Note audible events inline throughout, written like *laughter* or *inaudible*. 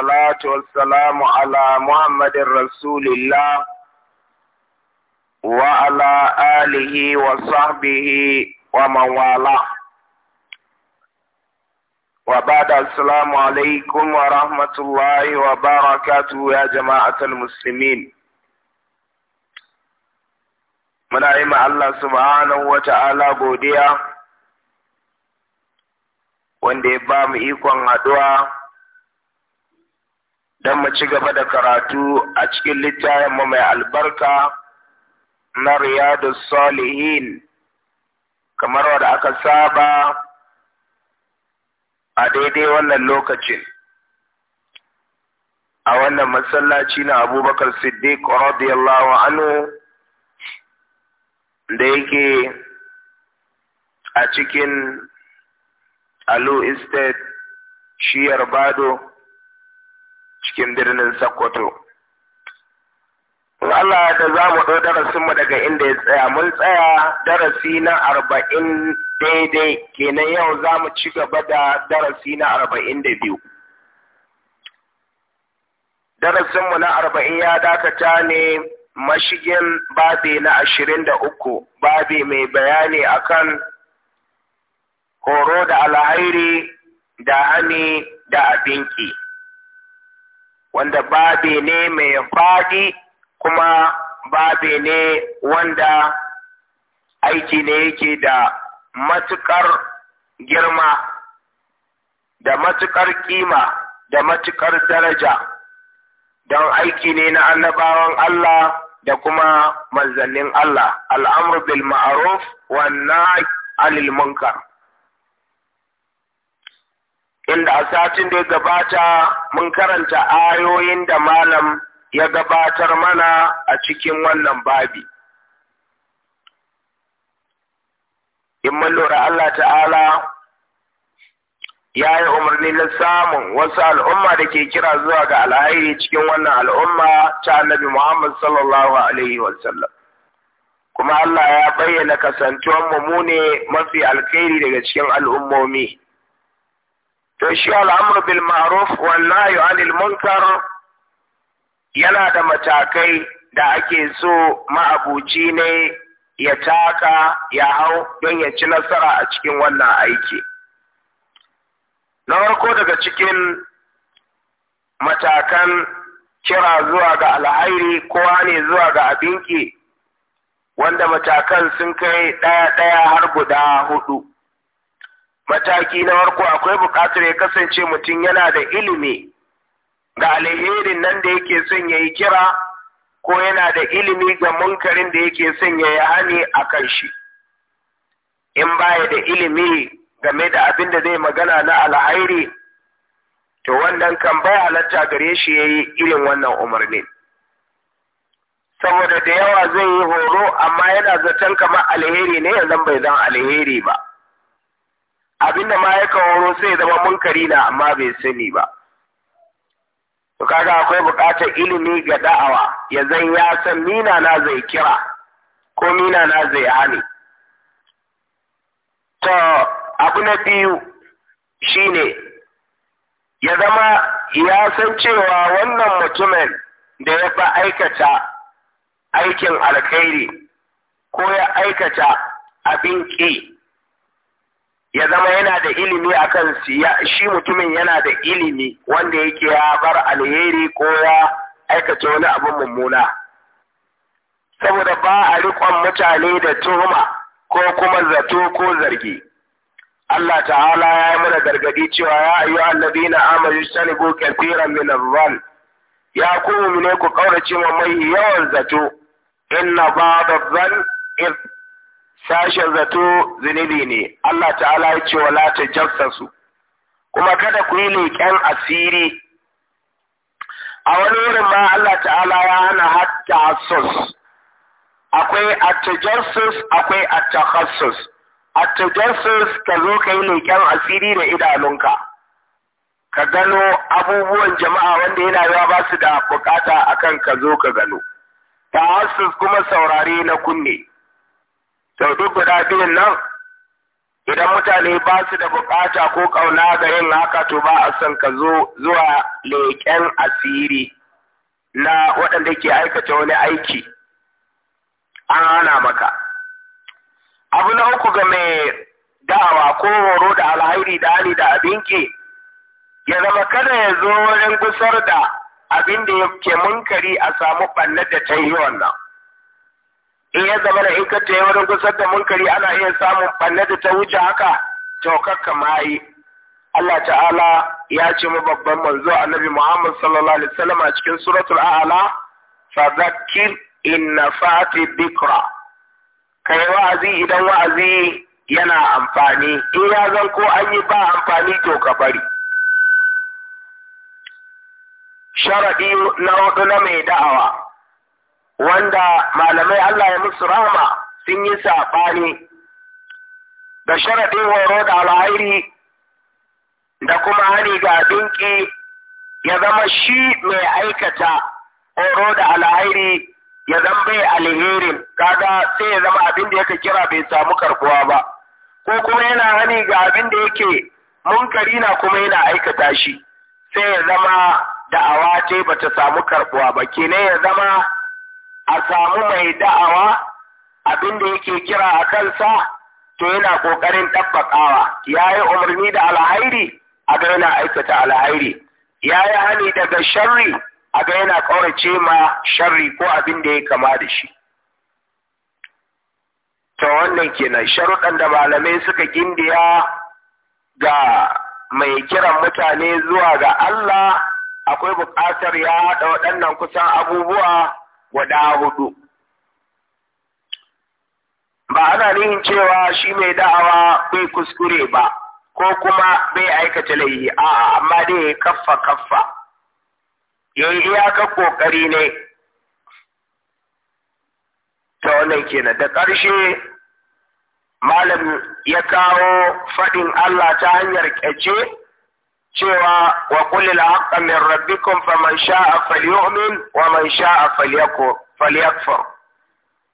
salatu wassalamu ala Muhammadin Rasulillah wa ala alihi wa sahbihi wa mawala. Wa wa rahmatullahi wa barakatu ya Muna yi Allah subhanahu wa godiya, wanda ya ba mu ikon haduwa. don mu ci gaba da karatu a cikin littafinmu mai albarka na riyadu salihin kamar wadda aka saba a daidai wannan lokacin a wannan masallaci na abubakar siddiq radiyallahu anhu da yake a cikin alu estate shiyar bado cikin birnin Sokoto. Allah da za mu ɗau darasinmu daga inda ya tsaya, mun tsaya darasi na arba'in daidai, kenan yau za mu ci gaba da darasi na arba'in da biyu. Darasinmu na arba'in ya dakata ne mashigin babi na ashirin da uku, babi mai bayani akan horo da alhairi da hani da abinki. wanda babe ne mai faɗi kuma babe ne wanda aiki ne yake da matukar girma da matukar kima da matukar daraja don aiki ne na annabawan Allah da kuma manzannin Allah al'amru bil ma'ruf wa nahy anil munkar inda a satin da ya gabata mun karanta ayoyin da malam ya gabatar mana a cikin wannan babi. In mun lura Allah ta'ala ya yi umarni na samun wasu al'umma da ke kira zuwa ga alhairi cikin wannan al'umma ta annabi Muhammad sallallahu Alaihi wasallam. Kuma Allah ya bayyana kasantuwan mu mafi alkhairi daga cikin al'ummomi. to shi al'amru bil ma'ruf wal anil munkar yana da matakai da ake so ma'abuci ne ya taka ya hau don ya ci nasara a cikin wannan aiki na farko daga cikin matakan kira zuwa ga alhairi ko ne zuwa ga abinki wanda matakan sun kai ɗaya-ɗaya har guda hudu mataki na farko akwai buƙatar ya kasance mutum yana da ilimi ga alherin nan da yake son ya yi kira ko yana da ilimi ga munkarin da yake son ya yi hani a kan shi in baya da ilimi game da abin da zai magana na alhairi to wannan kan bai halatta gare shi ya yi irin wannan umarni saboda da yawa zai yi horo amma yana zaton kamar alheri ne yanzu bai zan alheri ba abinda ma ya kawo sai zama munkari na amma bai sani ba to kaga akwai buƙatar ilimi ga da'awa ya zan ya san mina na zai kira ko mina na zai hane to abu na biyu shine ya zama ya san cewa wannan mutumin da ya fa aikata aikin alkhairi ko ya aikata abin ƙi ya zama yana da ilimi akan shi mutumin yana da ilimi wanda yake ya bar alheri ko ya aikata wani abin mummuna saboda ba a riƙon mutane da tuhuma ko kuma zato ko zargi Allah ta'ala ya yi mana gargadi cewa ya ayyu na amanu sanibu kathiran min adh ya kuma ne ku kaurace wa mai yawan zato inna ba da zan sashen zato zunubi ne Allah ta'ala ya ce wala ta su. kuma kada ku yi leƙen asiri a wani wurin ma Allah ta'ala ya hana hatta asus akwai attajassus akwai attakassus attajassus ka zo ka yi leƙen asiri da idanunka ka gano abubuwan jama'a wanda yana yawa ba su da bukata akan ka zo ka gano ta'assus kuma saurare na kunne to duk guda biyun nan idan mutane ba su da bukata ko kauna ga yin haka to ba a son ka zo zuwa leƙen asiri na waɗanda ke aikata wani aiki an hana maka abu na uku ga mai da'awa ko horo da alhairi da hali da abinki ya zama kada ya zo wurin gusar da abin da ke munkari a samu ɓannar da ta yi wannan in ya zama da ikata ya wurin gusar da munkari ana iya samun ɓanne da ta wuce haka to kakka mayi Allah ta'ala ya ce mu babban manzo annabi Muhammad sallallahu alaihi wasallam a cikin suratul a'la fa zakkir in nafati bikra kai wa'azi idan wa'azi yana amfani in ya zan ko an yi ba amfani to ka bari sharadi na hudu na mai da'awa wanda malamai Allah ya musu rahama sun yi saɓani da sharaɗin horo da alhairi da kuma hani ga dinki ya zama shi mai aikata horo da alhairi ya zama bai alherin kaga sai ya zama abin da yake kira bai samu karbuwa ba ko kuma yana hani ga abin da yake munkari na kuma yana aikata shi sai ya zama da'awa ce bata samu karbuwa ba kenan ya zama a samu mai da'awa abin da yake kira a kansa to yana ƙoƙarin tabbakawa. ya yi umarni da alhairi a ga yana aikata alhairi ya yi hani daga sharri a ga yana ƙaurace ma sharri ko abin da ya kama da shi ta wannan kenan sharuɗan da malamai suka gindiya ga mai kiran mutane zuwa ga Allah akwai buƙatar ya haɗa waɗannan kusan abubuwa guda hudu ba ana nihin cewa shi mai da'awa bai kuskure ba ko kuma bai aikata laifi a'a amma dai ya kaffa kaffa ya yi iyaka kokari ne ta wannan kenan da ƙarshe malam ya kawo faɗin Allah ta hanyar ƙyace cewa wa kulli al-haqqa min rabbikum faman sha'a falyu'min wa man sha'a falyakfur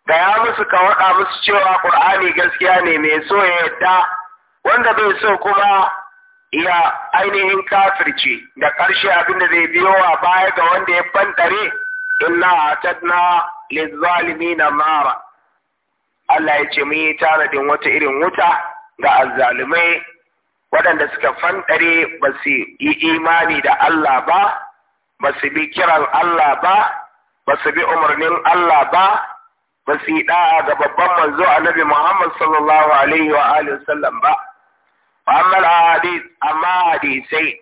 gaya musu ka wada musu cewa ƙur'ani gaskiya ne mai so ya yadda wanda bai so kuma ya ainihin kafirci da karshe abinda zai biyo a baya ga wanda ya bantare inna atadna lizzalimina mara Allah ya ce mun yi tanadin wata irin wuta ga azzalumai waɗanda suka fanɗare ba su yi imani da Allah ba ba su bi kiran Allah ba ba su bi umarnin Allah ba ba su yi ɗa'a ga babban manzo annabi Muhammad sallallahu alaihi wa Alaihi sallam ba amma hadis amma hadisai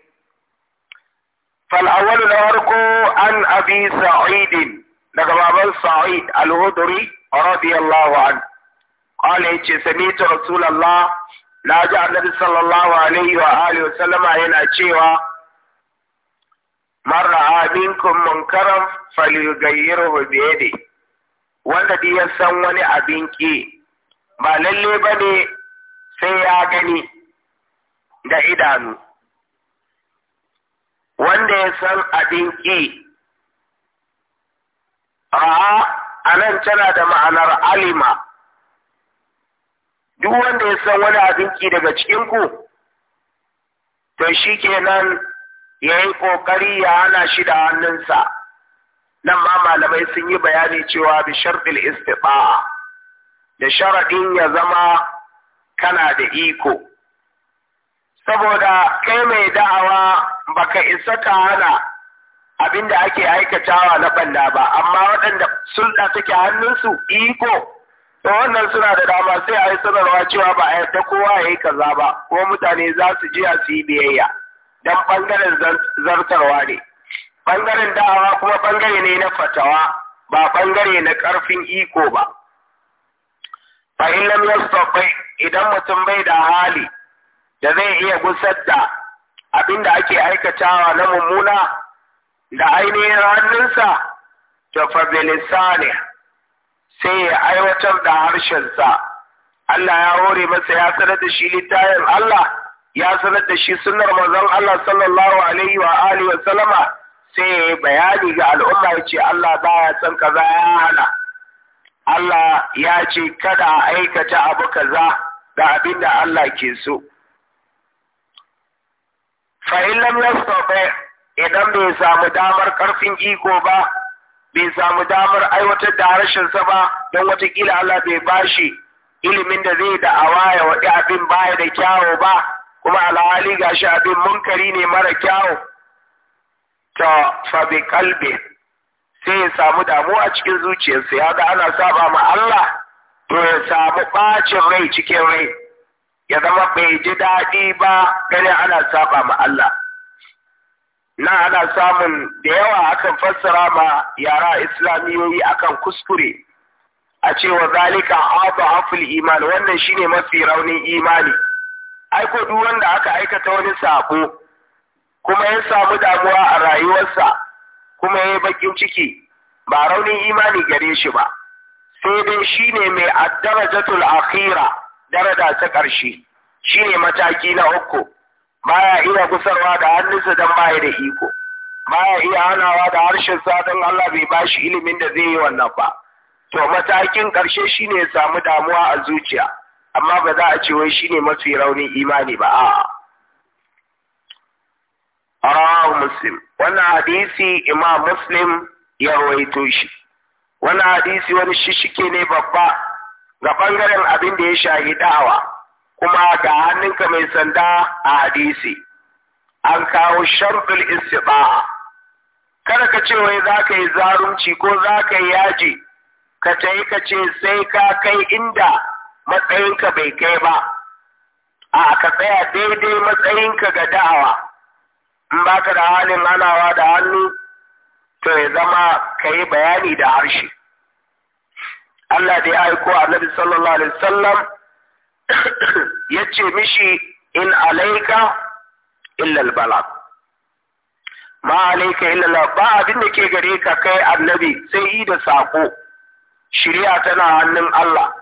fal awwal na farko an abi sa'id daga baban sa'id al-hudri radiyallahu an qala yace ta Rasulallah. na ji annabi sallallahu alaihi wa alihi wa sallama yana cewa man ra'a minkum munkaran falyughayyirhu bi yadi wanda dai ya san wani abin ki ba lalle bane sai ya gani da idanu wanda ya san abin ki ra'a anan tana da ma'anar alima duk wanda ya san wani abinci daga cikinku? ku to shi kenan ya yi ƙoƙari ya hana shi da hannunsa nan ma malamai sun yi bayani cewa bi sharɗin istifa da sharaɗin ya zama kana da iko saboda kai mai da'awa baka isa ka hana abin da ake aikatawa na banda ba amma waɗanda sulɗa take hannunsu iko To wannan suna da dama sai a yi sanarwa cewa ba a yarda kowa ya yi kaza ba ko mutane za su ji a su yi biyayya don bangaren zartarwa ne Ɓangaren da'awa kuma ɓangare ne na fatawa ba bangare na karfin iko ba fa in lam idan mutum bai da hali da zai iya gusar da abinda ake aikatawa na mummuna da ainihin hannunsa to fa sai ya aiwatar da harshensa Allah ya hore masa ya sanar da shi littafin Allah ya sanar da shi sunnar manzon Allah sallallahu alaihi wa alihi wa sallama sai ya yi bayani ga al'umma ya ce Allah ba baya son kaza ya hana Allah ya ce kada a aikata abu kaza da abin da Allah ke so fa in lam idan bai samu damar karfin iko ba bai samu damar aiwatar da harshensa ba don watakila Allah bai bashi ilimin da zai da'awa ya waɗi abin baya da kyawo ba kuma alhali gashi abin munkari ne mara kyawo ta fabi kalbe sai ya samu damuwa a cikin zuciyarsa ya ga ana saba ma Allah to ya samu bacin rai cikin rai ya zama bai ji daɗi ba gani ana saba ma Allah na ana samun da yawa akan fassara ma yara islamiyoyi akan kuskure a cewa zalika abu haful iman wannan shine mafi raunin imani aiko duk wanda aka aikata wani sako kuma ya samu damuwa a rayuwarsa kuma ya bakin ciki ba raunin imani gare shi ba sai dai shine mai addarajatul akhira darada ta ƙarshe shine mataki na uku baya iya gusarwa da hannunsa don baya da iko baya iya hanawa da harshen sa Allah bai bashi ilimin da zai yi wannan ba to matakin karshe shine ya samu damuwa a zuciya amma ba za a ce wai shine mafi raunin imani ba a'a rawahu muslim wannan hadisi imam muslim ya rawaito shi wannan hadisi wani shishike ne babba ga bangaren abin da ya shahi da'awa kuma da hannunka mai sanda a hadisi an kawo sharɗul istiba'a kada ka ce wai za ka yi zarunci ko za ka yi yaji ka ta yi ka ce sai ka kai inda matsayinka bai kai ba a ka tsaya daidai matsayinka ga da'awa in ba ka da halin hanawa da hannu to ya zama ka yi bayani da harshe Allah da ya aiko a Nabi sallallahu alaihi wasallam ya ce mishi in alaika illal bala ma alaika illal ba abin da ke gare ka kai annabi sai yi da sako shirya tana hannun Allah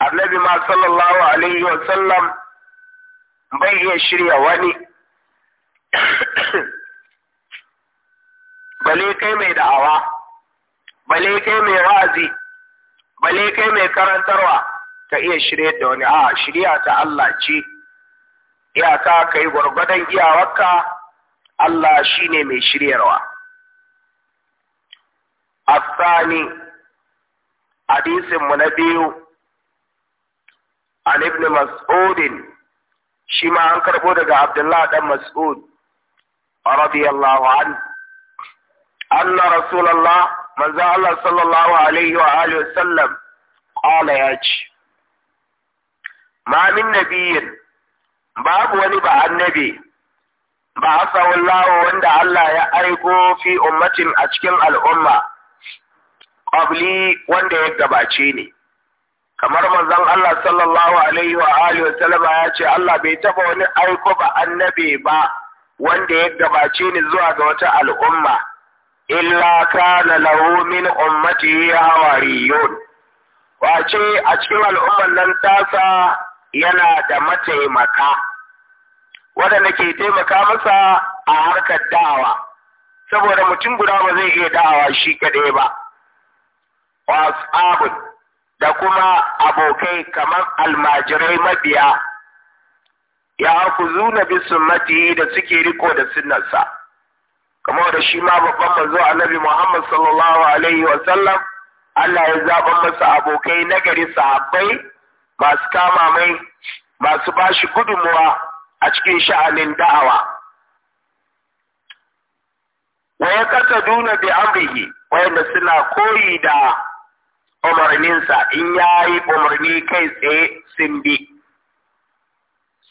annabi ma sallallahu alaihi wa sallam bai iya shirya wani *clears throat* bale kai mai da'awa bale kai mai wa'azi bale kai mai karantarwa ka iya shirya da wani a shirya ta Allah ce iyaka ka yi gwargwadon iyawarka Allah shi ne mai shiryarwa asani hadisinmu na biyu an ibn mas'udin shi ma an karbo daga abdullah dan mas'ud radiyallahu an anna rasulullah manzo Allah sallallahu alaihi wa alihi Sallam qala ya ce ma min nabiyin babu wani ba annabi ba asawallahu wanda Allah ya aiko fi ummatin a cikin al'umma qabli wanda ya gabace ni kamar manzon Allah sallallahu alaihi wa alihi wa sallama ya ce Allah bai taba wani aiko ba annabi ba wanda ya gabace ni zuwa ga wata al'umma illa kana lahu min ya hawariyun wace a cikin al'umman nan tasa yana da mataimaka waɗanda ke taimaka masa a harkar da'awa saboda mutum guda ba zai iya da'awa shi kaɗai ba wasu da kuma abokai kamar almajirai mabiya ya ku zuna bi sunnati da suke riko da sunnarsa kamar da shi ma babban manzo annabi Muhammad sallallahu alaihi wa Allah ya zaɓa masa abokai nagari sahabbai masu kama mai masu ba shi gudunmuwa a cikin sha'anin da'awa wa ya kasa duna bi amrihi wayanda suna koyi da umarninsa in ya yi umarni kai tsaye sun bi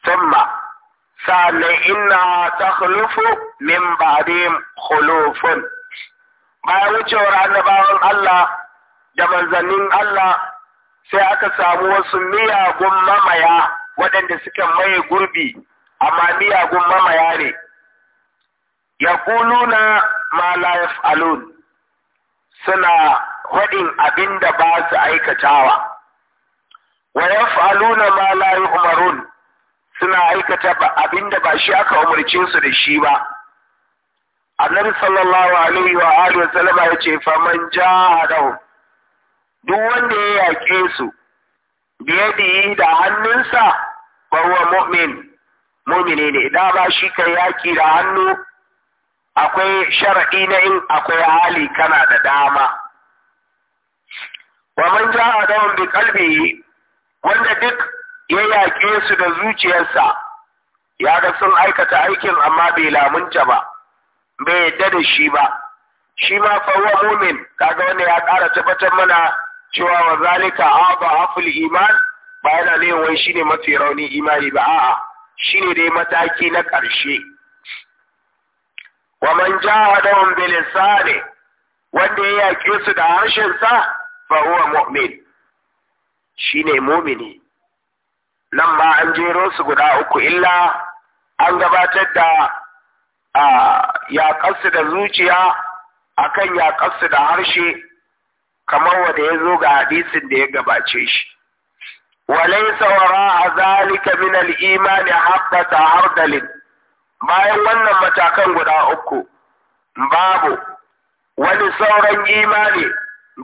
summa sa'anin ina ta hulufu min ba'dihim hulufun. bayan wucewar annabawan Allah da manzannin Allah sai aka samu wasu miyagun mamaya waɗanda suke maye gurbi amma miyagun mamaya ne ya kuluna ma la yaf'alun suna waɗin abin da ba su aikatawa wa yaf'aluna ma la yu'marun suna aikata abin da ba shi aka umarce su da shi ba annabi sallallahu alaihi wa alihi wa sallama yace faman jahadahu duk wanda ya yaƙe su biyadihi da hannunsa barwa mu'min mu'mini ne da ba shi ka yaƙi da hannu akwai shara'i na in akwai hali kana da dama wa man ja'a dawon bi qalbi wanda duk ya yaƙe su da zuciyarsa ya ga sun aikata aikin amma bai lamunta ba bai yadda da shi ba shi ma fa huwa mu'min kaga wanda ya ƙara tabbatar mana cewa wa zalika aba haful iman ba yana ne wai shine mafi rauni imani ba a'a shine dai mataki na ƙarshe wa man jahadahum bil ne wanda ya yaƙe su da harshen sa fa huwa mu'min shine mu'mini nan ba an jero su guda uku illa an gabatar da ya yaƙarsu da zuciya akan yaƙarsu da harshe kamar wanda ya zo ga hadisin da ya gabace shi walaysa wara'a zalika min al-imani habbata hardalin bayan wannan matakan guda uku babu wani sauran imani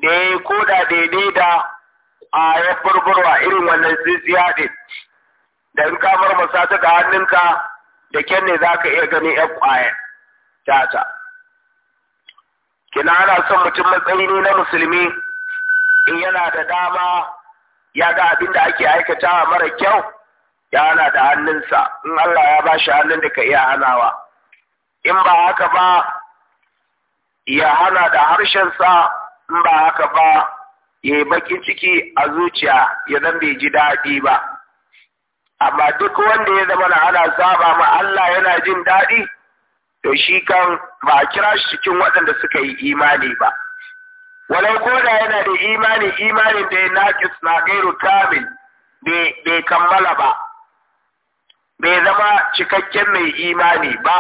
da ya yi koda daidai da a ya furfurwa irin wannan zizziya din da in kamar masu ta ga hannunka da kyan ne za ka iya gani ya kwaya ta kina ana son mutum matsayi ne na musulmi in yana da dama ya ga abin da ake aikatawa mara kyau ya hana da hannunsa in Allah ya ba shi hannun da ka iya hanawa in ba haka ba ya hana da harshensa in ba haka ba ya yi bakin ciki a zuciya ya zan bai ji daɗi ba amma duk wanda ya zama na ana saba ma Allah yana jin daɗi to shi kan ba a kira shi cikin waɗanda suka yi imani ba walau ko da yana da imani imanin da ya naƙis na gairu kamil bai kammala ba bai zama cikakken mai imani ba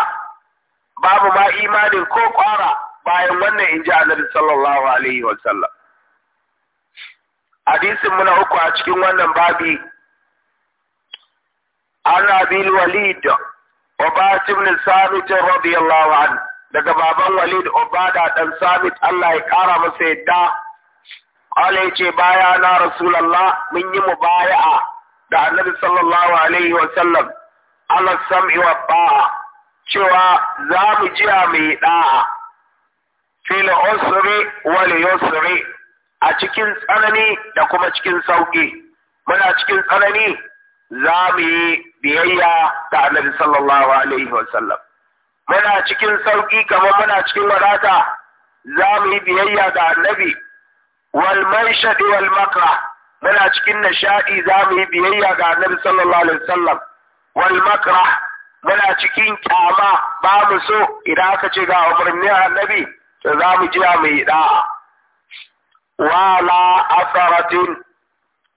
babu ma imanin ko ƙwara bayan wannan in ji annabi sallallahu alaihi wa sallam hadisin muna uku a cikin wannan babi an bil walid Ubat ibn Samit radiyallahu an daga baban Walid Ubada dan Samit Allah ya kara masa yadda Allah yace baya na Rasulullah mun yi mubaya'a da Annabi sallallahu alaihi wa sallam Allah sam'i wa cewa za mu a mai da'a fil usri wal yusri a cikin tsanani da kuma cikin sauki muna cikin tsanani za mu yi biyayya ga annabi sallallahu alaihi wasallam muna cikin sauƙi kamar muna cikin wadata za mu yi biyayya ga annabi wal manshadi wal makra muna cikin nishaɗi za mu yi biyayya ga annabi sallallahu alaihi wasallam wal makra muna cikin kyama ba mu so idan aka ce ga umarnin annabi to za mu jira mu yi da? wala asaratin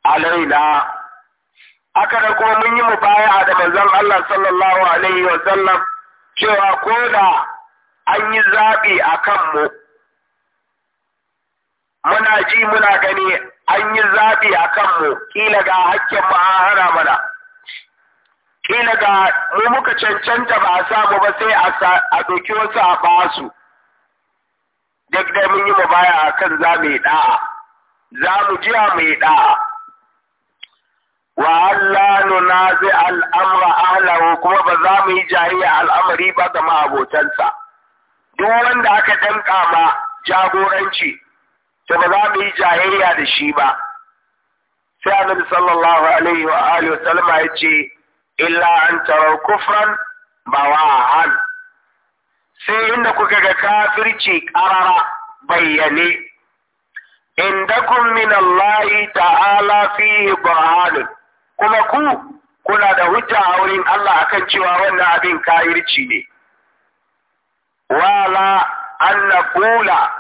alaina haka da kuma mun yi mu baya da manzon Allah sallallahu alaihi wa sallam cewa ko da an yi zaɓi a kanmu muna ji muna gani an yi zaɓi a kanmu ƙila ga hakkin mu an hana mana ƙila ga mu muka cancanta ba a samu ba sai a doki wasu a basu duk da mun yi mu baya a kan za mu yi ɗa'a za mu jiya mu yi ɗa'a wa Allah nunazi al'amra ahlahu kuma ba za mu yi jayayya al'amari ba ga ma'abotansa duk wanda aka danka ma jagoranci to ba za mu yi jahiliya da shi ba sai annabi sallallahu alaihi wa alihi wa ya ce illa an tarar kufran bawahan sai inda kuka ga kafirci ƙarara bayyane indakum min Allah ta'ala fi burhanun kuma ku kuna da hujja a wurin Allah akan cewa wannan abin kayirci ne wala an naqula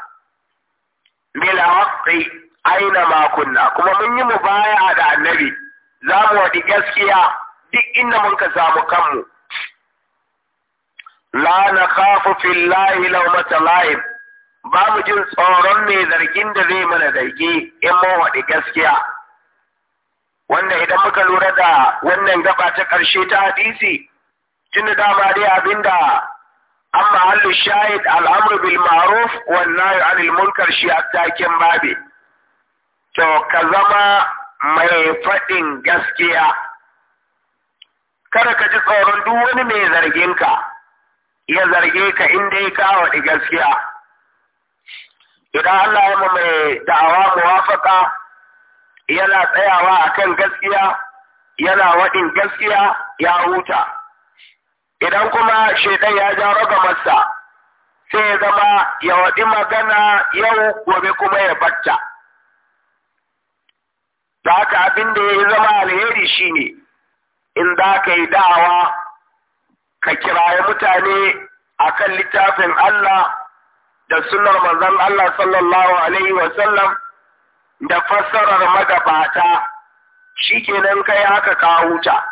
bil haqqi aina makunna, kuma mun yi mu baya da annabi za mu waɗi gaskiya duk inda mun ka samu kanmu la kafofin fillahi lawmata la'ib ba mu jin tsoron mai zargin da zai mana zargi in mun waɗi gaskiya Wannan idan muka lura da wannan gaba ta ƙarshe ta hadisi tun dama dai abinda an mahallu shahid al'amru bil ma'ruf wan nahy anil munkar shi a taken babe to ka zama mai faɗin gaskiya kada ka ji tsoron duk wani mai zargin ka ya zarge ka inda dai ka waɗi gaskiya idan Allah ya mai da'awa muwafaka yana tsayawa a kan gaskiya yana waɗin gaskiya ya huta idan kuma shaidan ya ja masa, sai ya zama ya waɗi magana yau gobe kuma ya batta Za haka abin da ya zama alheri shi ne, in za ka yi da'awa ka kiraye mutane a kan littafin Allah da sunar manzon Allah sallallahu alaihi wasallam da fassarar magabata shi kenan kai haka kawo ta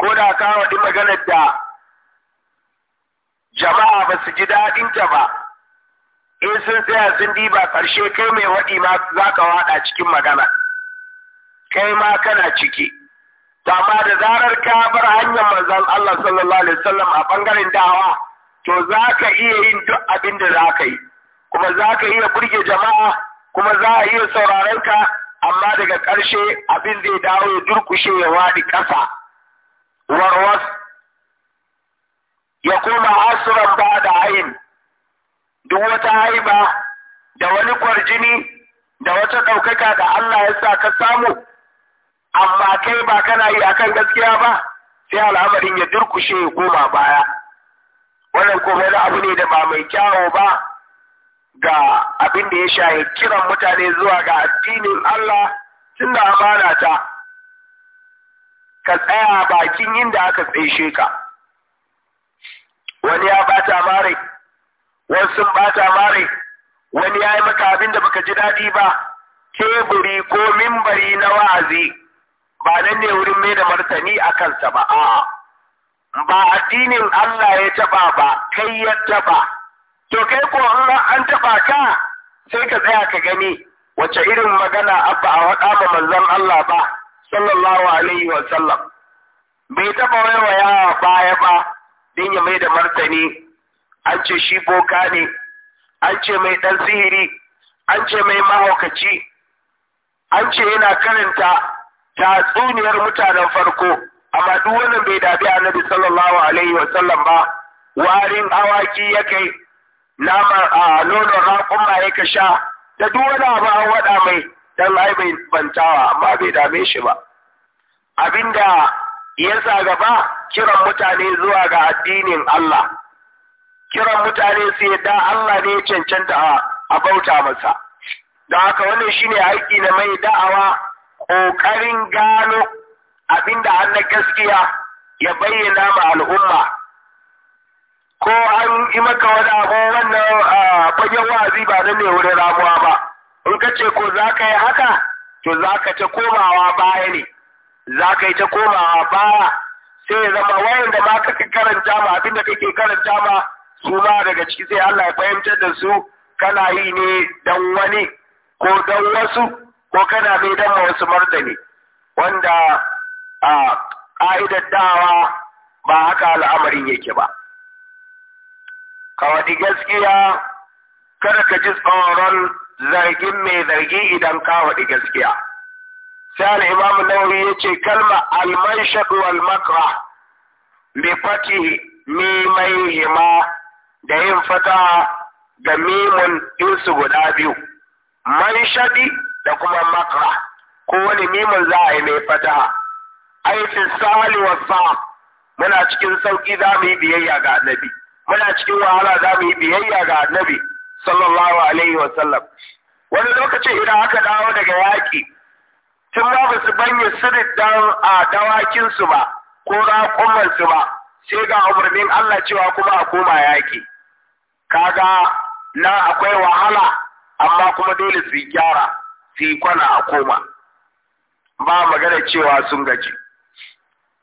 ko da ka waɗi maganar da jama'a ba su ji daɗinta ba in sun tsaya sun diba ƙarshe kai mai waɗi ma za ka waɗa cikin magana kai ma kana ciki amma da zarar ka bar hanyar manzon Allah sallallahu alaihi wasallam a ɓangaren dawa to za ka iya yin duk abin da za ka yi kuma za ka iya burge jama'a kuma za a iya sauraron ka amma daga ƙarshe abin zai dawo ya durkushe ya waɗi ƙasa warwas ya koma asuran ba da hain duk wata haiba da wani kwarjini da wata ɗaukaka da Allah ya sa ka samu amma kai ba kana yi akan gaskiya ba sai al'amarin ya durkushe ya koma baya wannan kuma wani abu ne da ba mai kyawo ba ga abin da ya shahi kiran mutane zuwa ga addinin Allah tun da amana ta ka tsaya bakin inda aka tsaishe ka wani ya bata mare wani sun bata mare wani ya yi maka abin da baka ji daɗi ba teburi ko mimbari na wa'azi ba nan ne wurin mai da martani a kansa ba a'a ba addinin Allah ya taba ba kai ya taba to kai ko an taba ka sai ka tsaya ka gani wace irin magana abba a waɗa ma manzon Allah ba sallallahu alaihi wa sallam bai taɓa ya baya ba din ya mai da martani an ce shi boka ne an ce mai ɗan sihiri an ce mai mahaukaci an ce yana karanta tatsuniyar mutanen farko amma duk wannan bai dabi annabi sallallahu alaihi wa sallam ba warin awaki ya kai nama a nonon raƙon ya ka sha da duk wani abu an waɗa mai dan ai bai bantawa amma bai dame shi ba abinda ya sa gaba kiran mutane zuwa ga addinin Allah kiran mutane su yadda Allah ne ya cancanta a bauta masa da haka wannan shine aiki na mai da'awa ƙoƙarin gano abinda an gaskiya ya bayyana ma al'umma ko an yi maka wani abu wannan fagen wa'azi ba na ne wurin ramuwa ba in ka ce ko za ka yi haka to za ka ta komawa baya ne za ka yi ta komawa baya sai ya zama wayan da ma ka karanta ma abin da kake karanta ma su ma daga ciki sai Allah ya fahimtar da su kana yi ne dan wani ko dan wasu ko kana mai dan wasu martani wanda a ƙa'idar ba haka al'amarin yake ba. ka waɗi gaskiya kada ka ji tsoron zargin mai zargi idan ka waɗi gaskiya sai al'imamu nauri ya ce kalma alman wal makra mai fati mimai hima da yin fata ga mimun insu guda biyu Man shaɗi da kuma makra ko wani mimun za a yi mai fata aifin fi sahali wa muna cikin sauƙi za mu yi biyayya ga annabi muna cikin wahala za mu yi biyayya ga annabi sallallahu alaihi wa sallam wani lokaci idan aka dawo daga yaƙi tun ba ba su banye sirrin dan a dawakinsu ba ko raƙumansu ba sai ga umarnin Allah cewa kuma a koma yaƙi kaga na akwai wahala amma kuma dole su gyara su yi kwana a koma ba magana cewa sun gaji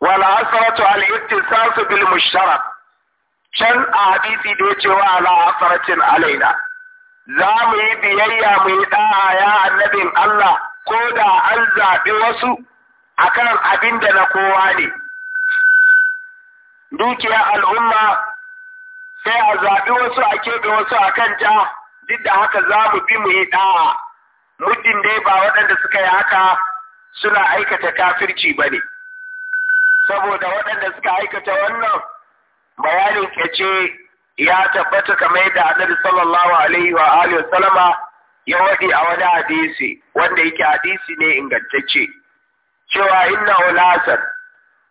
wala asratu al ittisasu bil mushtarak can a hadisi da ya ce wa ala asaratin alaina za mu yi biyayya mu yi da'a ya annabin Allah ko da an zaɓi wasu kan abin da na kowa ne dukiyar al'umma sai a zaɓi wasu a keɓe wasu a kan ja duk da haka za mu bi mu yi ɗa'a muddin dai ba waɗanda suka yi haka suna aikata kafirci ba ne saboda waɗanda suka aikata wannan bayanin kyace ya tabbata kamar yadda annabi sallallahu alaihi wa alihi sallama ya wadi a wani hadisi wanda yake hadisi ne ingantacce cewa inna ulasan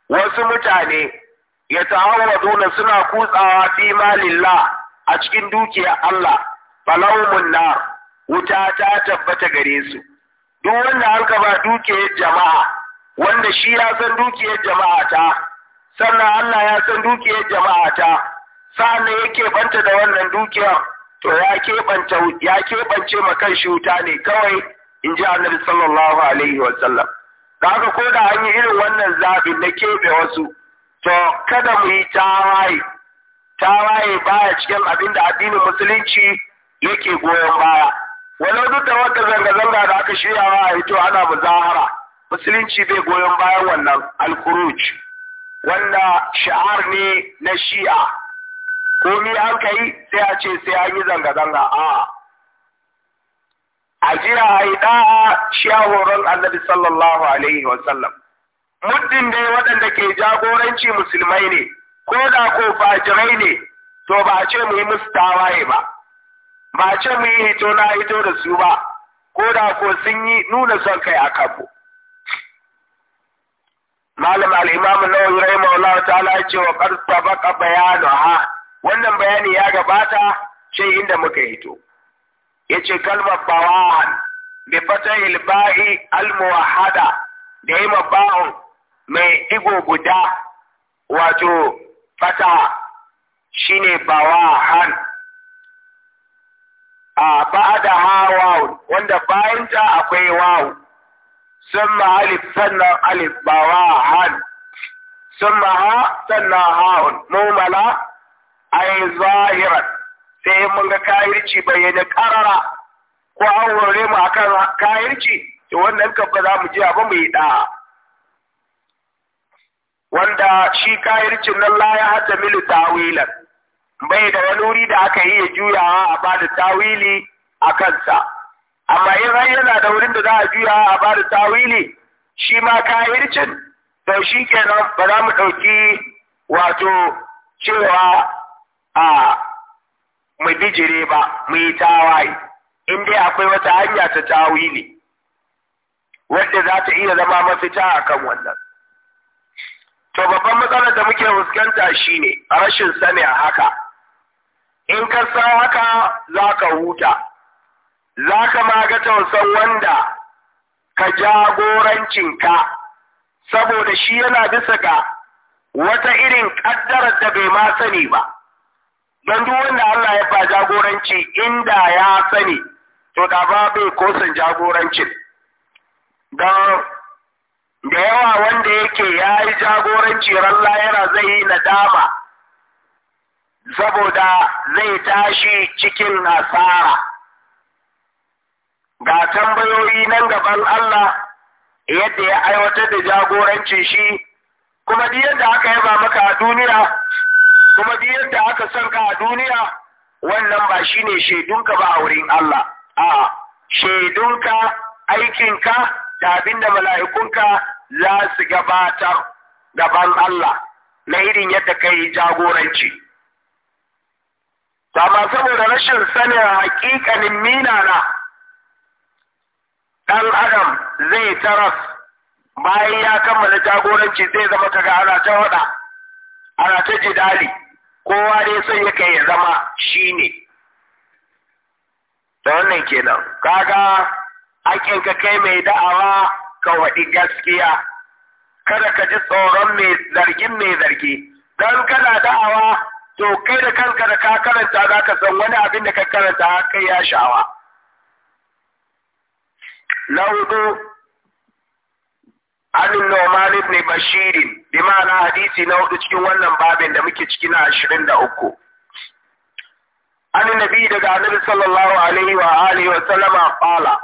wasu mutane ya tahawwaduna suna kutsawa fi malillah a cikin dukiyar Allah falawmun na wuta ta tabbata gare su duk wanda an ba dukiyar jama'a wanda shi ya san dukiyar jama'a ta sannan Allah ya san dukiyar jama'a ta sannan ya banta da wannan dukiyar to ya kebanta ya keɓance ma kan shi wuta ne kawai in ji annabi sallallahu alaihi wa sallam da haka ko da an yi irin wannan zabi na kebe wasu to kada mu yi tawaye tawaye baya cikin abin da addinin musulunci yake goyon baya walau duk da wata zanga-zanga da aka shirya wa a to ana muzahara musulunci bai goyon bayan wannan alkuruci wanda sha'ar ne na shi'a Ko komi an kai sai a ce sai an yi zanga-zanga a a jira a yi ɗa'a horon annabi sallallahu alaihi sallam muddin dai waɗanda ke jagoranci musulmai ne ko da ko fajirai ne to ba a ce mu yi musu tawaye ba ba a ce mu yi hito na hito da su ba ko da ko sun yi nuna son kai a kanmu malam al-imam an-nawawi rahimahullahu ta'ala ya wa qad bayanu ha wannan bayani ya gabata sai inda muka hito yace kalmar bawahan bi fatahil ba'i al-muwahhada da yi ba'un mai igo guda wato fata shine bawahan a ba'da ha wawu wanda bayanta akwai wawu ثم ألف سنة ألف بواها ثم ها سنة هاون موملا أي ظاهرا sai mun ga kayirci bayyana karara ko an wurare mu akan kayirci to wannan kan ba za mu ji ba mu yi da wanda shi kayircin nan la ya hata milu tawilan bai da wani wuri da aka iya juyawa a bada tawili a kansa amma in har yana da wurin da za a juya a ba da tawili shi ma kahircin to shi kenan ba za mu ɗauki wato cewa a mu bijire ba mu yi tawaye in dai akwai wata hanya ta tawili wadda za ta iya zama mafita a kan wannan to babban matsalar da muke fuskanta shine rashin sani a haka in ka san haka za ka huta za ka ma ga tausan wanda ka jagorancinka saboda shi yana bisa ga wata irin ƙaddarar da bai ma sani ba don duk wanda Allah ya ba jagoranci inda ya sani to da ba bai kosan jagorancin don da yawa wanda yake ya yi jagoranci Allah yana zai yi nadama saboda zai tashi cikin nasara. ga tambayoyi nan gaban Allah yadda ya aiwatar da jagoranci shi kuma duk yadda aka yaba maka a duniya kuma duk yadda aka san ka a duniya wannan ba shine shaidunka ba a wurin Allah a shaidunka aikinka da abin da mala'ikunka za su gabatar gaban Allah na irin yadda ka yi jagoranci. ba saboda rashin sanin hakikanin mina na ɗan adam zai taras bayan ya kammala jagoranci zai zama kaga ana ta wada ana ta jidali kowa dai sai ya kai ya zama shine da wannan kenan kaga hakin ka kai mai da'awa ka waɗi gaskiya kada ka ji tsoron mai zargin mai zargi don kana da'awa to kai da kanka da ka karanta za ka san wani abin da ka karanta kai ya shawa na hudu anin Noman ne Bashirin bi ma'ana hadisi na hudu cikin wannan babin da muke ciki na ashirin da uku. Anin nabi daga annabi sallallahu alaihi wa alihi wa sallama qala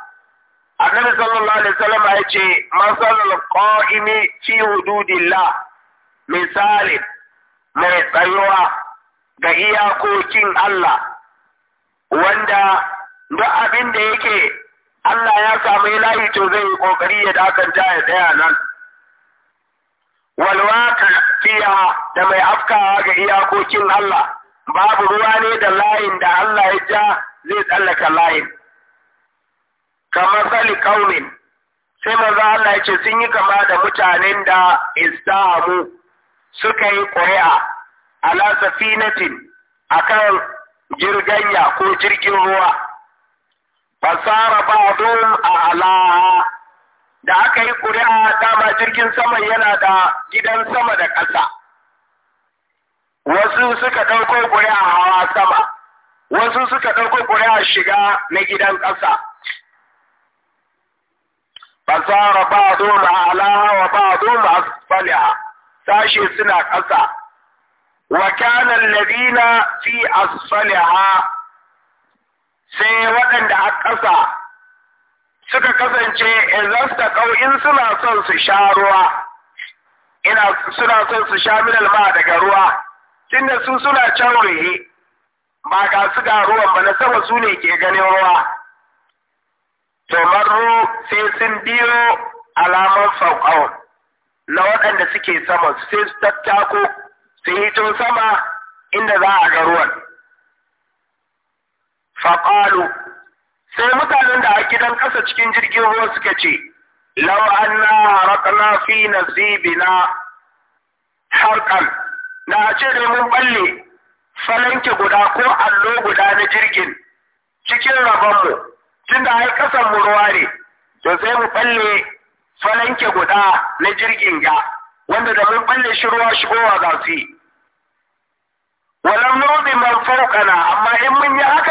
annabi sallallahu alaihi wa sallama yace masalul qa'imi fi hududillah misali mai tsayuwa ga iyakokin Allah wanda duk abin da yake Allah ya samu layi to zai yi kokari ya dakanta ya tsaya nan walwaka fiya da mai afkawa ga iyakokin Allah babu ruwa ne da layin da Allah ya ja zai tsallaka layin kamar sali kaunin, sai maza Allah ya ce sun yi kama da mutanen da istahamu suka yi ƙuri'a a lasafinatin akan jirganya ko jirgin ruwa fasara a a'laha da aka yi ƙuri'a dama jirgin sama yana da gidan sama da ƙasa wasu suka ɗauko ƙuri'a hawa sama wasu suka ɗauko ƙuri'a shiga na gidan ƙasa fasara a a'laha wa ba'dhum asfaliha sashe suna ƙasa wa kana alladhina fi asfaliha sai waɗanda a ƙasa suka kasance su kau in suna son su sha ruwa ina suna son su sha minal ma daga ruwa tunda su suna can rihi ba ga su ga ruwan ba na sama su ne ke ganin ruwa to maru sai sun biyo alamar sauƙau na waɗanda suke sama sai su tattako su hito sama inda za a ga ruwan faƙalu sai mutanen da a gidan ƙasa cikin jirgin ruwa suka ce lau an na harakana fi nasibina harkan na ce da mun balle falanke guda ko allo guda na jirgin cikin rabonmu tun da ai ƙasan mu ruwa ne to sai mu balle falanke guda na jirgin ga wanda da mun balle shi ruwa shigowa za su yi walam nubi man fawqana amma in mun yi haka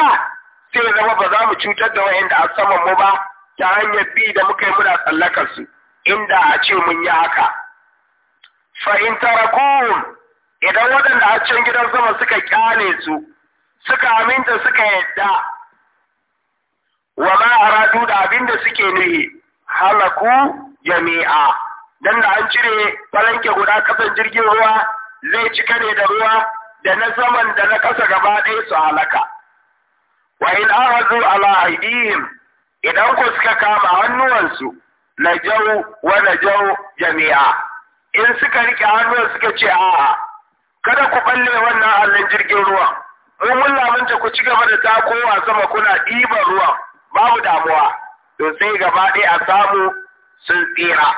zama ba za mu cutar da wa'inda a saman mu ba ta hanyar bi da muka yi muna tsallakar su inda a ce mun yi haka fahimta in idan waɗanda a can gidan sama suka kyale su suka aminta suka yadda wa ma aradu da abin da suke nuhi halaku jami'a dan da an cire falanke guda kasan jirgin ruwa zai cika ne da ruwa da na zaman da na kasa gaba ɗaya su halaka wa in ahazu ala aidihim idan ku suka kama hannuwansu na jau wa na jau jami'a in suka rike hannuwan suka ce a'a kada ku balle wannan allon jirgin ruwan in mun lamunta ku ci gaba da takowa sama kuna ɗiban ruwa babu damuwa to sai gaba ɗaya a samu sun tsira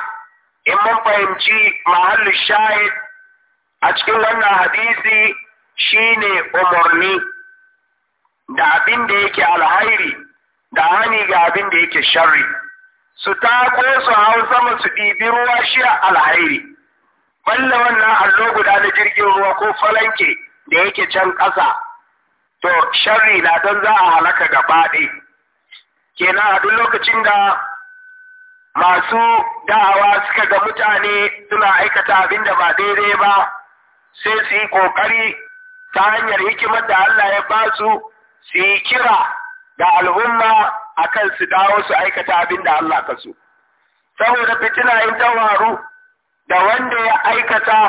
in mun fahimci mahallin shahid a cikin wannan hadisi shine umarni da abin da yake alhairi da hani ga abin da yake sharri su tako su hau sama su ɗibi ruwa shi a alhairi balla wannan allo guda na jirgin ruwa ko falanke da yake can ƙasa to sharri na don za a halaka gaba ɗaya kenan a duk lokacin da masu da'awa suka ga mutane suna aikata abin da ba daidai ba sai su yi ƙoƙari ta hanyar hikimar da Allah ya ba su su yi kira da al'umma akan su dawo su aikata abin da Allah ka so saboda fitina in ta waru da wanda ya aikata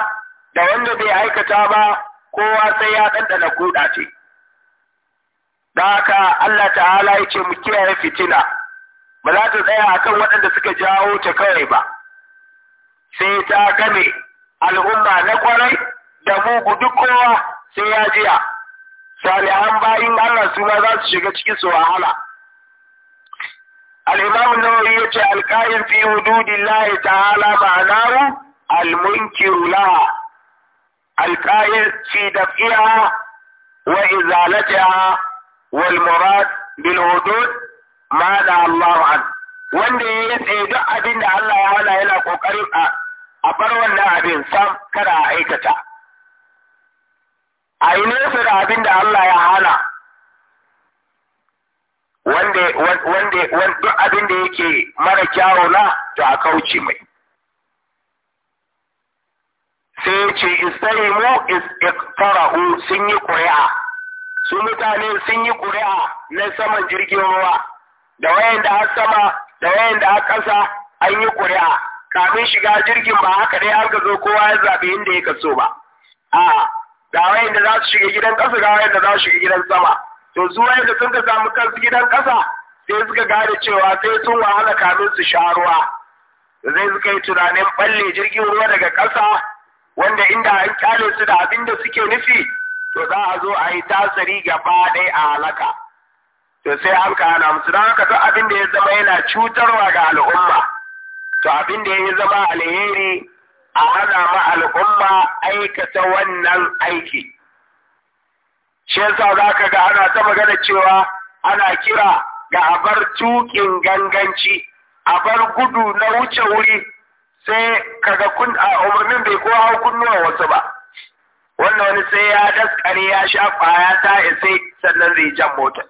da wanda bai aikata ba kowa sai ya ɗanɗana kuɗa ce da haka Allah ta'ala ya ce mu kiyaye fitina ba za ta tsaya a kan waɗanda suka jawo ta kawai ba sai ta game al'umma na kwarai da mugu duk kowa sai ya jiya salihan bayin Allah su ma za su shiga cikin su wahala al-imam an-nawawi yace al-qa'im fi hududillahi ta'ala ma'anahu al-munkir laha al fi daf'iha wa izalatiha wal murad bil hudud ma da Allah an wanda ya tsaye duk abin da Allah ya hana yana ƙoƙarin a bar wannan abin sam kada a aikata a yi nesa da abin da Allah ya hana wanda duk abin da yake mara kyawo na to a kauce mai sai ya ce istarimu iqtarahu sun yi ƙuri'a su mutane sun yi ƙuri'a na saman jirgin ruwa da wayan da aka sama da wayan da an yi ƙuri'a kamin shiga jirgin ba haka dai an ka zo kowa ya zabe inda ya kaso ba a ga wayanda za su shiga gidan ƙasa ga wayanda za su shiga gidan sama to su wayanda sun ka samu kansu gidan ƙasa sai suka gane cewa sai sun wahala kamin su sha ruwa zai suka yi tunanin balle jirgin ruwa daga ƙasa wanda inda an kyale su da abin da suke nufi to za a zo a yi tasiri gaba ɗaya a halaka to sai an ka hana musu don haka abin da ya zama yana cutarwa ga al'umma to abin da ya zama alheri a hana ma al'umma aikata wannan aiki. Shi yasa za ka ga ana ta magana cewa ana kira ga a bar tuƙin ganganci, a bar gudu na wuce wuri sai kaga kun a umarnin bai kowa hau kunnuwa wasu ba. Wannan wani sai ya daskare ya sha ƙwaya ta isai sannan zai jan motar.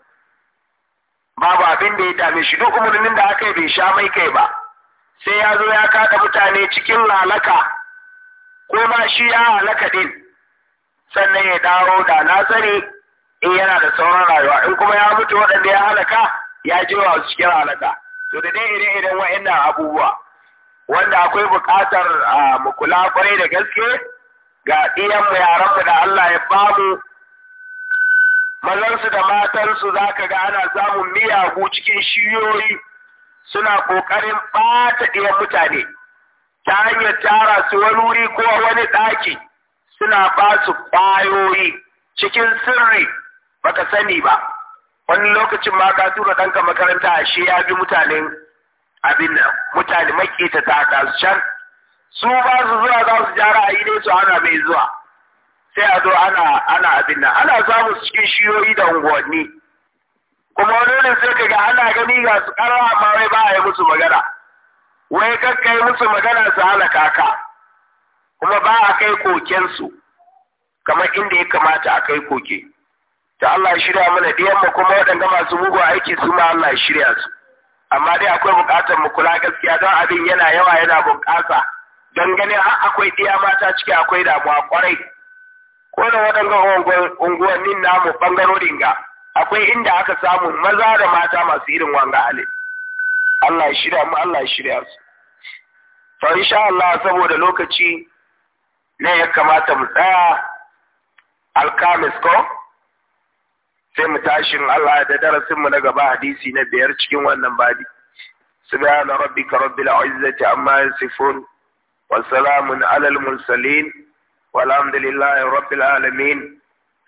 Babu abin da ya dame shi duk umarnin da aka yi bai sha mai kai ba. sai ya zo ya kada mutane cikin lalaka ko ma shi ya halaka din sannan ya dawo da na in eh, yana da sauran rayuwa in kuma ya mutu waɗanda ya halaka ya je wa cikin halaka to da dai ire-iren wa'annan abubuwa wanda akwai buƙatar mu kula kwarai da gaske ga yaren mu da Allah ya mu. mazansu da matansu zaka ga ana samun miyagu cikin shiyoyi suna ƙoƙarin ɓata ɗiyan mutane ta hanyar tara su wani wuri ko wani ɗaki suna ba su ƙwayoyi cikin sirri baka sani ba wani lokacin ma ka tura ɗanka makaranta a shi ya bi mutanen abin nan mutane makita ta haɗa su can su ba su zuwa za su ja ra'ayi ne su ana mai zuwa sai a zo ana abin nan ana samun cikin shiyoyi da unguwanni kuma wani wurin sai ka ga ana gani ga su karawa amma wai ba a yi musu magana wai kakkai musu magana su halaka ka kuma ba a kai kokensu kamar inda ya kamata a kai koke ta Allah shirya mana diyanmu kuma waɗanda masu mugun aiki su ma Allah shirya su amma dai akwai buƙatar mu kula gaskiya don abin yana yawa yana bunƙasa don ganin har akwai diya mata ciki akwai damuwa kwarai ko da waɗannan unguwannin namu ɓangarorin ga akwai inda aka samu maza da mata masu irin wanga halin Allah ya shirya mu Allah ya shirya su to insha Allah saboda lokaci ne ya kamata mu tsaya alkamis ko sai mu tashin Allah da darasin mu na gaba hadisi na biyar cikin wannan babi subhana rabbika rabbil izzati amma yasifun wa salamun alal mursalin والحمد لله رب